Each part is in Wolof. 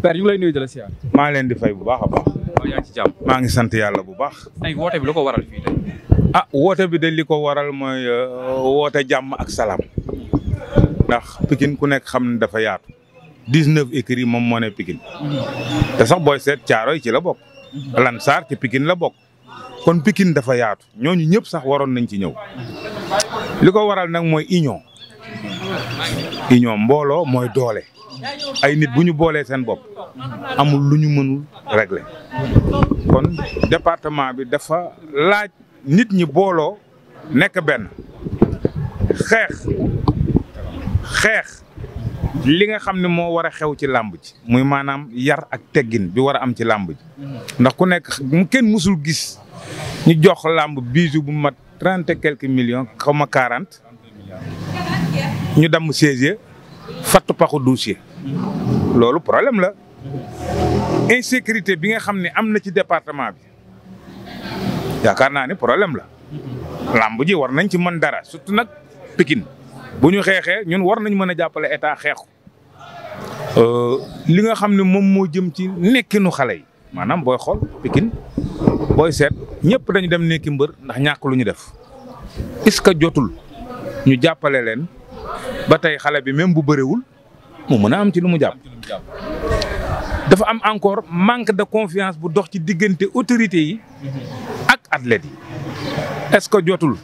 père ñu ngi lay nuyu di la maa leen di fay bu baax a baax. waaw oh, jàmm. maa ngi sant yàlla bu baax. woote bi ko waral ah woote bi de li ko waral mooy euh, woote jàmm ak salaam ndax pikin ku nekk xam ne dafa yaat dix-neuf écuries moom moo ne Pikine mm-hmm. te sax booy seet Caaroy ci la bokk. Mm-hmm. Lansar ci Pikine la bokk. kon pikin dafa yaatu ñooñu ñëpp sax waroon nañ ci ñëw mm-hmm. li waral nag mooy union union mbooloo mooy doole ay nit bu ñu boolee seen bopp amul lu ñu mënul régler kon département bi dafa laaj nit ñi booloo nekk benn xeex xeex li nga xam ne moo war a xew ci làmb ji muy maanaam yar ak teggin bi war a am ci làmb ndax ku nekk kenn mësul gis ñu jox làmb bisu bu mat trente et million millions quarante ñu damm seize fatt paxu dossier loolu problème la insécurité bi nga xam ni am na ci département bi yaakaar naa ne problème la làmb ji war nañ ci man dara surtout nag Pikine bu ñu xeexee ñun war nañ mën a jàppale état xeexu euh, li nga xam ne moom moo jëm ci nekkinu xale yi maanaam booy xool Pikine booy seet ñëpp dañu dem nekki mbër ndax ñàkk lu ñu def est-ce que jotul ñu jàppale leen ba tey xale bi même bu bëriwul mu mën a am ci lu mu jàpp. dafa am encore manque de confiance bu dox ci diggante autorités yi ak athlètes yi est-ce que jotul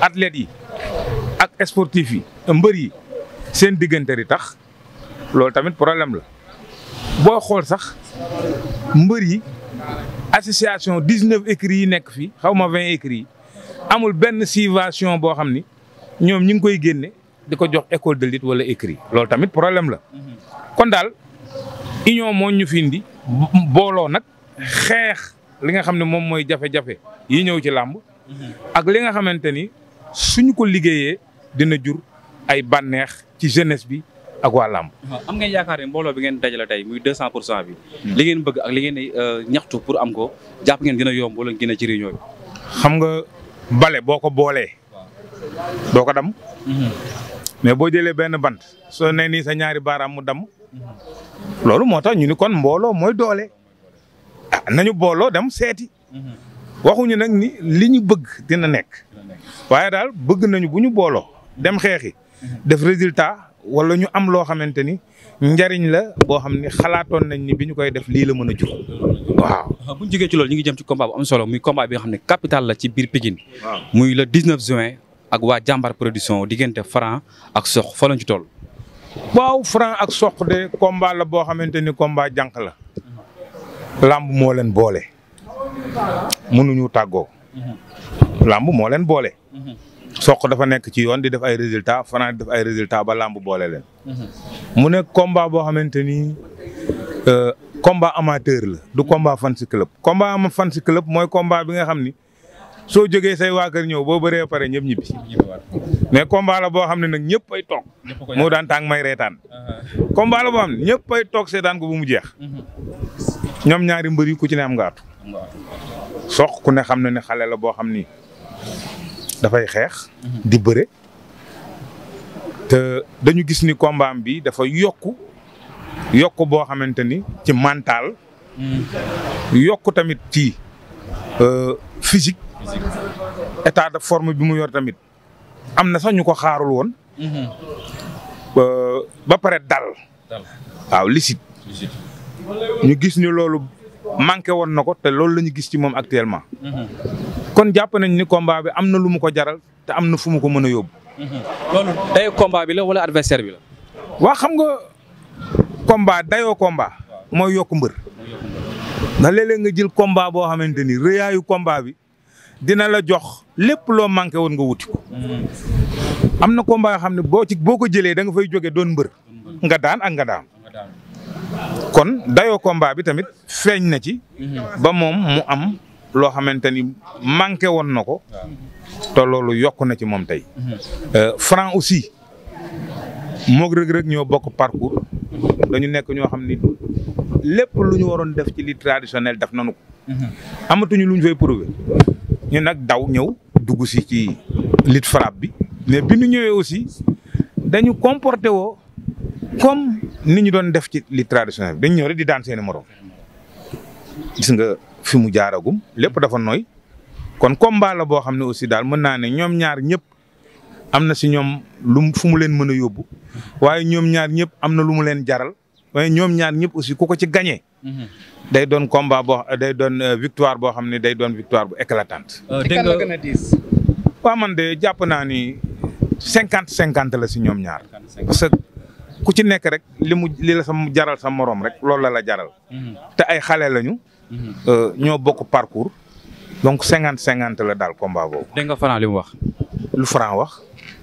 athlètes yi ak sportifs yi mbër yi seen diggante yi tax loolu tamit problème la boo xool sax mbër yi association dix-neuf écrits yi nekk fii xaw ma vingt écrits yi amul benn situation boo xam ni ñoom ñu ngi koy génne di ko jox école de lutte wala écrit loolu tamit problème la kon daal union moo ñu fi indi nag xeex li nga xam ne moom mooy jafe-jafe yi ñëw ci làmb ak li nga xamante ni suñu ko liggéeyee dina jur ay banneex ci jeunesse bi ak waa làmb am ngeen yaakaar ne mbooloo bi ngeen dajale tey muy deux cent pour cent bi li ngeen bëgg ak li ngeen euh, ñaxtu pour am ko jàpp ngeen dina yomb wala gën a ci réunion bi xam nga bale boo ko boolee doo ko dam mhm. mais boo jëlee benn bant soo ne nii sa ñaari baaraam mu damm loolu moo tax ñu ni kon mbooloo mooy doole ah nañu booloo dem seeti waxuñu nag ni li ñu bëgg dina nekk waaye daal bëgg nañu bu ñu booloo dem xeexi def résultat wala ñu am loo xamante ni njariñ la boo xam ne xalaatoon nañ ni bi ñu koy def lii la mën a jur waaw. Ah, bu ñu ci loolu ñu ngi jëm ci combat bu am solo muy combat bi xam ne capital la ci biir Pikine. muy le 19 juin ak waa jàmbar production diggante Franc ak Sokh fa lañ ci toll. waaw Franc ak Sokh de combat la boo xamante ni combat jànq la. làmb moo leen boole. mënuñu tàggoo. làmb moo leen boole. Sokh dafa nekk ci yoon di def ay résultats Franc di def ay résultat ba làmb boole leen. mu nekk combat boo xamante ni. Euh, combat amateur la du combat fan si club combat am fan mooy combat bi nga xam ni soo jógee say waa kër ñëw boo bëree pare ñëpp ñibbi mais combat boo xam ne nag ñëpp ay toog moo daan tàng may reetaan uh-huh. combat boo xam ne ñëpp ay toog seetaan ko bu mu jeex mm-hmm. ñoom ñaari mbër yi ku ci ne am nga atu mm-hmm. soq ku ne xam na ne xaleela boo xam ni dafay xeex mm-hmm. di bëre te dañu gis ni combat bi dafa yokku yokku boo xamante ni ci mental yokku tamit ci euh, physique état de forme bi mu yor tamit am na sax ñu ko xaarul woon. Mhm. ba pare dal. waaw licite. ñu gis ñu loolu manqué woon na ko te loolu la ñu gis ci moom actuellement. Mhm. kon jàpp nañ ni combat bi am na lu mu ko jaral te am na fu mu ko mën a yóbbu. Mhm. loolu dayoo bi la wala adversaire bi la. waa xam nga combat dayoo combat mooy yokk mbër. ndax nga jël combat boo xamante ni rëyaayu combat bi. dina la jox lépp loo manqué woon nga wuti ko. am na combat yoo xam ne boo ci boo ko jëlee da nga fay jóge doon mbër. nga daan ak nga daan. kon dayoo combat bi tamit feeñ na ci. ba moom mu am loo xamante ni manqué woon na ko. te loolu yokk na ci moom tey. Euh, Franc aussi moog Reug Reug ñoo bokk parcours. dañu nekk ñoo xam ni lépp lu ñu waroon def ci li traditionnel def nañu ko. Mhm. amatuñu lu ñu prouver ñu nag daw ñëw dugg si ci lutte frappe bi mais bi ñu ñëwee aussi dañu comporté woo comme ni ñu doon def ci lutte traditionnelle bi dañu ñëw rek di daan seen i morom gis nga fi mu jaaragum lépp dafa nooy kon combat la boo xam ne aussi daal mën naa ne ñoom ñaar ñëpp am na si ñoom lum fu mu leen mën a yóbbu waaye ñoom ñaar ñëpp am na lu mu leen jaral waaye ñoom ñaar ñëpp aussi ku ko ci gagné. Mhm. day doon combat boo day doon euh, victoire boo xam ne day doon victoire bu éclatante. Euh, dégg nga gën a man de jàpp naa ni cinquante cinquante la si ñoom ñaar. parce que ku ci nekk rek li mu li la sa jaral sa morom rek loolu la la jaral. Mhm. te ay xale lañu. Mhm. Euh, ñoo bokk parcours. donc cinquante cinquante la daal combat boobu. dégg nga Franc li wax. lu Franc wax.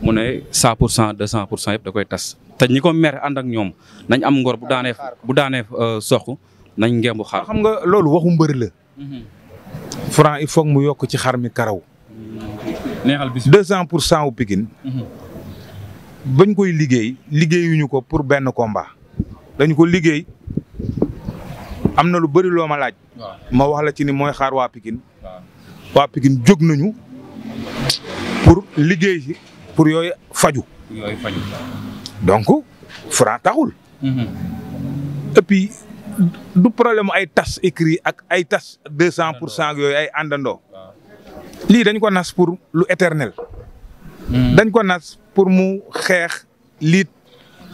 mu ne 100 pour cent 200 pour cent yëpp da koy tas te ñi ko mer ànd ak ñoom nañ am ngor bu daanee bu daanee euh, soq nañ ngembu xaar. xam nga loolu waxu mbër la. Mhm. Franc il faut mu yokk ci xar mi karaw. Mhm. neexal bis 200 pour cent wu Pikine. Mhm. bañ koy liggéey liggéeyuñu ko pour benn komba dañ ko liggéey am na lu bëri loo ma laaj. ma wax la ci ni mooy xaar waa Pikine. waa jóg nañu pour liggéey si. pour yooyu faju yooyu faju donc franc taxul. Mhm. et du problème ay tas écrit ak ay tas deux cent pour cent yooyu ay àndandoo. lii dañ ko nas pour lu éternel. Mhm. dañ ko nas pour mu xeex liit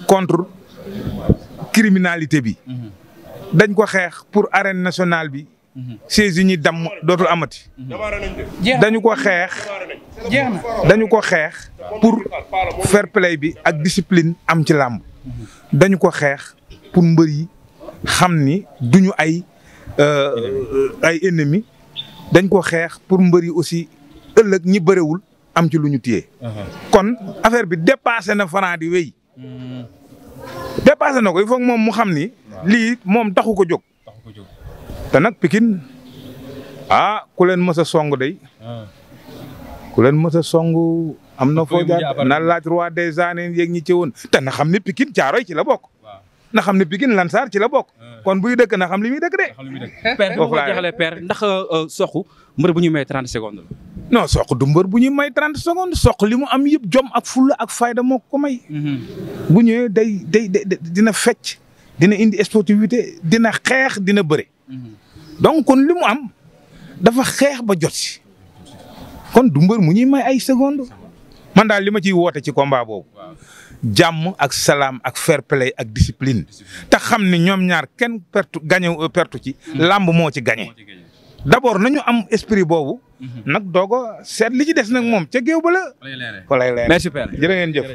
contre criminalité bi. Mhm. dañ ko xeex pour arène nationale bi. siège damm dootul amati. dañu ko xeex. dañu ko xeex pour fair play bi ak discipline am ci làmb dañu ko xeex pour mbër yi xam ni duñu ay euh, ay ennemis dañ ko xeex pour mbër yi aussi ëllëg ñi bëriwul am ci lu ñu téye. kon affaire bi dépassé na Franc di wéy. na ko il faut moom mu xam ni. lii moom taxu ko jóg. te nag Pikine ah ku leen mës a song day ah. ku leen mës a am na foo na laaj roi des arènes yeeg ñi ci woon te na xam ne Pikine Caaroy ci la bokk na xam ne Pikine Lansar ci la bokk eh. kon buy dëkk na xam li muy dëkk de père dama ko jeexalee père ndax euh, euh, soxu mbër bu ñu may trente secondes la non du mbër bu ñuy may trente secondes soq li mu am yëpp jom ak fulla ak fayda moo ko may. Mm-hmm. bu ñëwee day day dina fecc dina indi sportivité dina xeex dina bëre. Mm-hmm. donc kon limu am dafa xeex ba jot kon dumbar mbër mu ñuy may ay seconde man daal li ma ciy woote ci combat boobu jàmm ak salaam ak fair play ak discipline te xam ne ñoom ñaar kenn pertu gagné euh, pertu ci mm-hmm. lamb moo ci gagné d'abord nañu am esprit boobu mm-hmm. nag doog seet li ci des nag moom ca géew ba la. walaay leer jëf.